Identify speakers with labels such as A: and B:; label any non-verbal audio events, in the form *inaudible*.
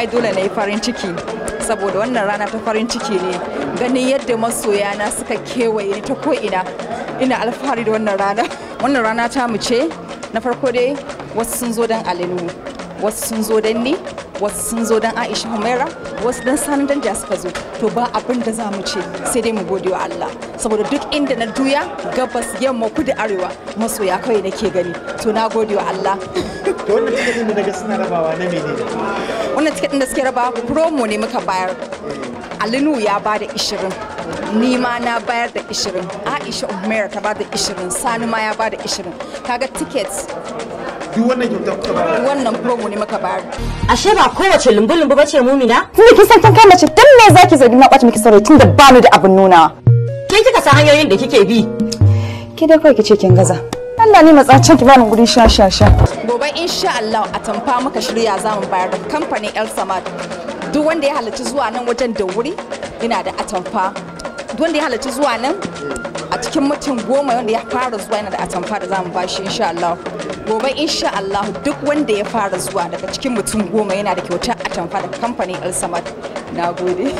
A: ai dole na yi farin ciki saboda wannan rana ta farin ciki ne ganin yadda masoya na suka kewaye ta ko'ina ina alfahari da wannan rana wannan rana ta mu ce na farko dai wasu sun zo don alinu wasu sun zo don ni wasu sun zo don aisha humaira wasu don sanin danja suka zo to ba abin da za mu ce sai dai mu gode wa allah saboda duk inda na duya gabas yamma kudu arewa masoya kawai nake gani to na gode wa allah *laughs*
B: to wannan tiketin da daga suna rabawa na menene
A: wannan tiketin da suke rabawa promo ne muka bayar eh. alinu ya ba da ishirin nima na bayar da ishirin aisha umar ta ba da ishirin sani ma ya ba da ishirin kaga tickets duk wannan kyautar kuka wannan promo ne muka bayar ashe ba kowace lumbu-lumbu ba ce
C: mumina tun da kisan kan kai ce tun me zaki zargi na kwace miki sarai tun da ba ni da abin nuna
A: ke kika san hanyoyin da kike bi
C: ki dai kawai kice kin gaza Allah ne ce ki bani guri sha sha sha
A: gobe insha Allah a tamfa muka shirya zamu bayar da kamfanin El Samad duk wanda ya halarci zuwa nan wajen da wuri yana da atamfa duk wanda ya halarci zuwa nan a cikin mutum goma wanda ya fara zuwa yana da atamfa da zamu ba shi insha Allah gobe insha Allah duk wanda ya fara zuwa daga cikin mutum goma yana da kyautar atamfa da kamfanin El Samad nagode